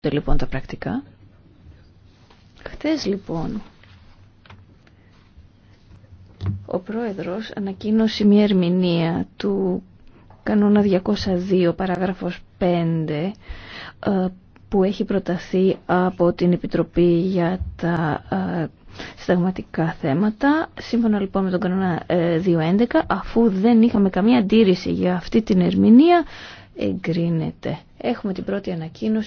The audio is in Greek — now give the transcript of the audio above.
λοιπόν τα πρακτικά. Χθες λοιπόν ο πρόεδρος ανακοίνωσε μια ερμηνεία του κανόνα 202 παράγραφος 5 ε, που έχει προταθεί από την Επιτροπή για τα ε, σταγματικά θέματα. Σύμφωνα λοιπόν με τον κανόνα 211 ε, αφού δεν είχαμε καμία αντίρρηση για αυτή την ερμηνεία εγκρίνεται. Έχουμε την πρώτη ανακοίνωση